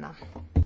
dienā.